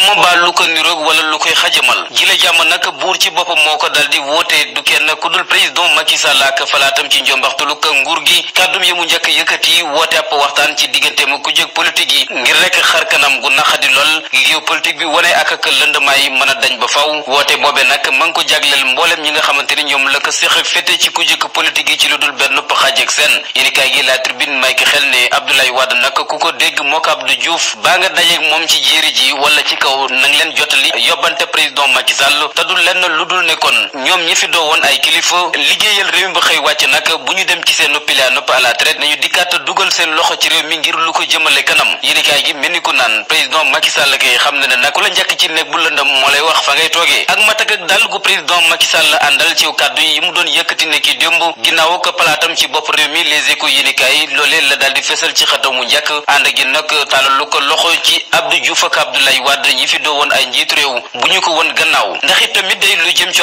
jàmm ba lu ko niroog wala lu koy xajamal jile jàmm nag buur ci boppam moo ko daldi woote du kenn ku dul président Macky Sall ak falaatam ci njombaxtulu ka nguur gi kàddum yi mu njëkk yëkkati woote ab waxtaan ci diggante ma ku jóg politique yi ngir rek xar kanam gu naqadi lool géew bi wane ak ak lëndamaay mën a dañ ba faw woote boobe nag ma ko jagleel mboolem ñi nga xamante ñoom la ko séq féete ci ku jóg politique yi ci lu dul benn xaaj ak seen yéenekaay gi la tribune may ki xel ne Abdoulaye Wade nag ku ko dégg moo ko Abdou Diouf baa nga dajeeg moom ci jéeri ji wala ci kaw nang leen jotali yóbbante président Macky Sall te du lenn lu dul ne kon ñoom ñi fi doo woon ay kilifa liggéeyal bu ñu dem ci seen noppi koy jëmale kanam yéenekaay gi mel ni ku naan président Macky Sall kay xam ne ne nag ku la njëkk ci nekk bu lëndëm moo lay wax fa ngay toogee ak matak ak dal gu président Macky Sall àndal ci kàddu yi mu doon yëkkati ne ki démb ginnaaw ko palaatam ci bopp réew mi les échos yéenekaay loolee la daal di ci xatamu njëkk ànd gi nag taalalu ko loxo ci Abdou Diouf ak Abdoulaye Wade ñi fi doo woon ay njiit réew bu ñu ko woon gannaaw ndax tamit day lu jëm ci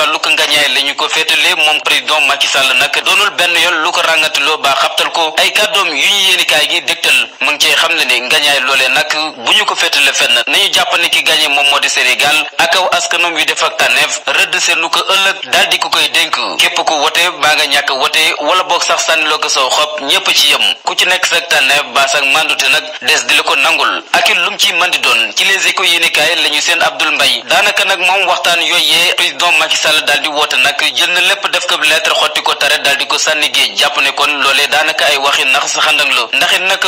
ba xabtal ko ay kàddoom yu ñu yéenekaay gi dafay xam ne ni ngañaay loolee nag bu ñu ko féetale fenn nañu jàpp ne ki gagné moom moo di Sénégal ak aw askanam wi def ak tànneef rëdd seenu ko ëllëg daal di ko koy dénk képp ku wote baa nga ñàkk wote wala boog sax sànniloo ko saw xob ñépp ci yem ku ci nekk sa tànneef baa sax màndute nag des di la ko nangul ak it lum ci mën di doon ci les échos yéenekaay la ñu seen Abdoul Mbaye daanaka nag moom waxtaan yooyee président Macky Sall daal di woote nag jël na lépp def ko lettre xotti ko ko sànni géej jàpp ne kon loolee daanaka ay waxi nax sa xandang la ndax it nag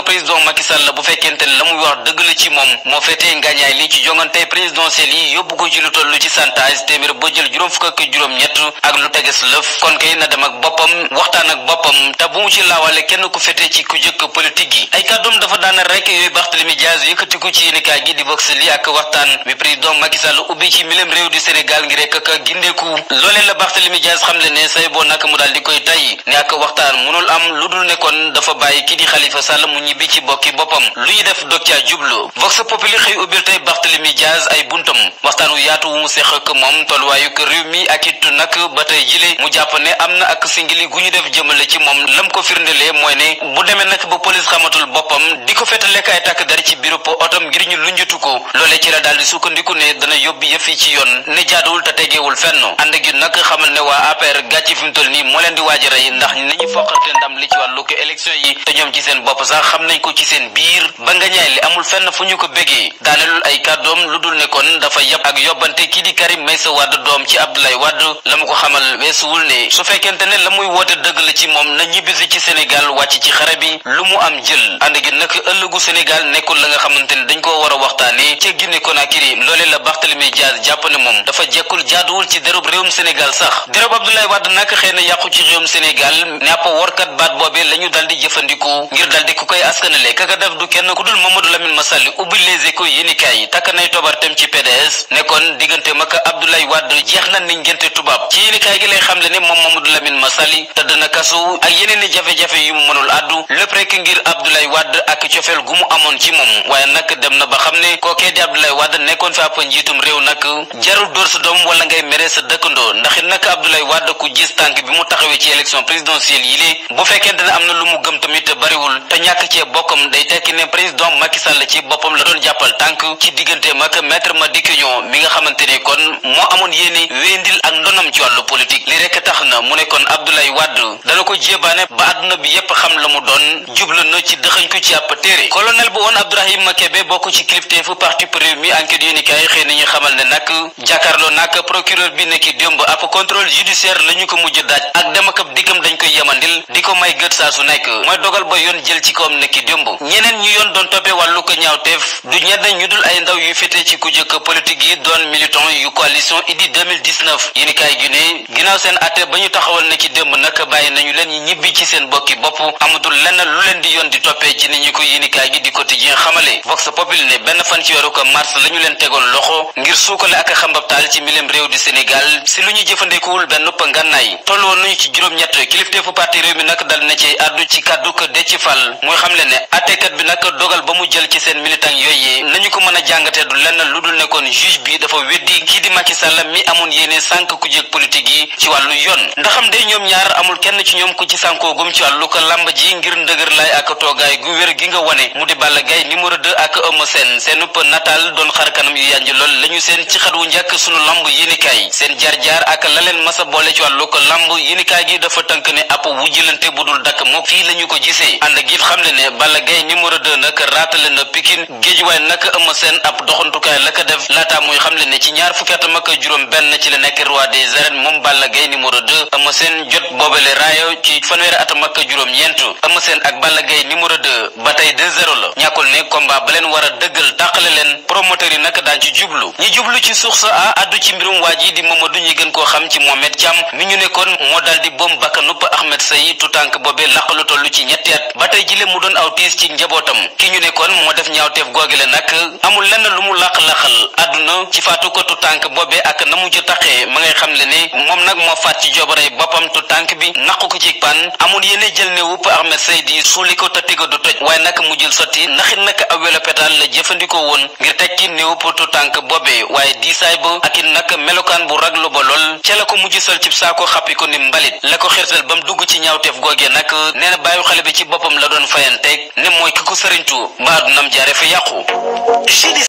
Sall bu fekkente ne la muy wax dëgg la ci moom moo féetee ngañaay li ci jongante présidentielle yi yóbbu ko ci lu toll ci santage téeméer ba jël juróom fukk ak juróom-ñett ak lu teges lëf kon kay na dem ak boppam waxtaan ak boppam te bu mu ci laawale kenn ku féetee ci ku jëkk politique yi ay kàddoom dafa daan rek yooyu Barthélemy Dias yëkkati ci yéenekaay gi di vox li ak waxtaan bi président Macky Sall ubbi ci milem réew du Sénégal ngir rek ak boppam lu ñu def dog caa jublu vox populi xëy ubbil tey Barthélemy Diaz ay buntam waxtaan wu yaatu wu mu seq ak moom tolluwaayu ko réew mi ak it nag ba tey jile mu jàpp ne am na ak singili gu ñu def jëmale ci moom lam ko firndelee mooy ne bu demee nag ba police xamatul boppam di ko fetalekk ay takk der ci bureau otom ngir ñu lunjatu ko loolee ci la daal di sukkandiku ne dana yóbbu yëf yi ci yoon ne jaaduwul te tegeewul fenn ànd ak yu nag xamal ne waa APR gàcci fi moo leen di waaj a ndax ni ñu foqate ndam yi te ñoom ci seen bopp sax xam nañ ko ci seen seen biir ba nga ñaay li amul fenn fu ñu ko bëggee daanelul ay kàddoom lu dul ne dafa yab ak yobbante kii di Karim Meïssa Wade doom ci Abdoulaye Wade la mu ko xamal weesuwul ne su fekkente ne la muy woote dëgg la ci moom na ñibbisi ci Sénégal wàcc ci xare bi lu mu am jël ànd gi nag ëllëgu Sénégal nekkul la nga xamante ne dañ koo war a waxtaane ca Guinée Conakry loolee la Barthélémy Dias jàpp ne moom dafa jekkul jaaduwul ci dérub réewum Sénégal sax na yàqu ci réewum Sénégal ne ab workat baat boobee la ñu dal di jëfandiku ngir dal di ku ka def du kenn ku dul Mamadou Lamine Massaly ubbi les échos yéenikaay yi takk nay tobartem ci PDS nekkoon diggante maka Abdoulaye Wade jeex na ni ngénte tubaab ci yéenikaay gi lay xamle ne moom Mamadou Lamine Massaly tëdd na kaso ak yeneen i jafe-jafe yu mu mënul àddu lépp rek ngir Abdoulaye Wade ak cofeel gu mu amoon ci moom waaye nag dem na ba xam ne kookee di Abdoulaye Wade nekkoon fi àpp njiitum réew nag jarul dóor sa doom wala ngay mere sa dëkkandoo ndax it nag Abdoulaye Wade ku gis bi mu taxawee ci élection présidentielle day tekki ne président Macky Sall ci boppam la doon jàppal tànk ci diggante mag maître Madické Niang mi nga xamante kon moo amoon yéene wéyndil ak ndonam ci wàllu li rek tax na mu ne kon Abdoulaye Wade dana ko jébaane ba àdduna bi yépp xam la mu doon jublu na ci dëxañ ko ci àpp téere colonel bu woon Abdourahim Kébé bokk ci kilifteefu parti Rewmi enquête yéenekaay xëy na ñu xamal ne nag jàkkaarloo nag procureur bi nekki démb ab contrôle judiciaire ñeneen ñu yoon doon toppee wàllu ko ñaawteef du ñenn ñu dul ay ndaw yu féete ci ku jëkk politique yi doon militant yu coalition Idy 2019 yéeni kaay gi ne ginnaaw seen atte ba ñu taxawal na ci démb nag bàyyi nañu leen ñibbi ci seen bokki bopp amatul lenn lu leen di yoon di toppee ci ni ñu ko yéeni kaay gi di quotidien xamale vox populi ne benn fan ci weeru ko mars la leen tegoon loxo ngir suukale ak xambabtaal ci milim réew di Sénégal si benn ngànnaay toll woon nañu ci juróom-ñett kilifteefu parti réew mi nag dal na ci àttekat bi nag ba mu jël ci seen militant yooyu nañu ko mën a jàngatee du lenn lu dul nekkoon juge bi dafa weddi kii di Macky Sall mi amoon yéene sànq ku jéeg politique yi ci wàllu yoon ndaxam day ñoom ñaar amul kenn ci ñoom ko ci sànkoogum ci wàllu ko làmb ji ngir ndëgër laay ak toogaay gu wér gi nga wane mu di Balla Gaye numéro 2 ak seen seen seenup nataal doon xar kanam yu yànj lool la ñu seen ci xat wu njàkk sunu lamb yéenikaay seen jaar-jaar ak la leen masa boole ci wàllu ko lamb yéenikaay gi dafa tënk ne ab wujjilante bu dul dakk mook fii la ñu ko gisee ànd gi xam ne ne Balla Gaye numéro 2 nag raatale na Pikine Géejuwaay nag Eumeu Sène ab doxantukaay la ko def laataa muy xam le ne ci ñaar fukki atam ak juróom benn ci la nekk roi des arènes moom Balla Gaye numéro 2 Eumeu Sène jot boobale raayo ci fanweeri atam ak juróom ñeent Eumeu Sène ak Balla Gaye numéro 2 ba tey 2-0 la ñàkkul ne combat ba leen war a dëggal dàqale leen promoteur yi nag daan ci jublu ñi jublu ci source a addu ci mbirum waa ji di Mamadou ñi gën koo xam ci Mohamed Thiam mi ñu nekkoon moo dal di bom bakkanupp Ahmed Seye tutank boobee laq lu toll ci ñetti at ba tey jile mu doon aw tiis ci njabootam ki ñu nekkoon moo def ñaawteef googi le nag amul lenn lu mu laq-laqal àdduna ci faatu ko tànk boobee ak na mu ci taxee ma ngay xam le ne moom nag moo faat ci jobaray boppam tànk bi naqu ko ci pan amul yéene jël ne wupp Ahmed Seye di suuli ko te tiga du toj waaye nag mu jël sotti ndaxit nag aw welo pétal la jëfandikoo woon teg ci néew potu tànk boobee waaye diisaay ba ak it nag melokaan bu raglu ba lool ca la ko mujj sol cib saako xappi ko ni mbalit la ko xirtal ba mu dugg ci ñaawteef googee nag nee bàyyi xale bi ci boppam la doon fayanteeg ne mooy ki ko sëriñtu ba nam jaare fa yàqu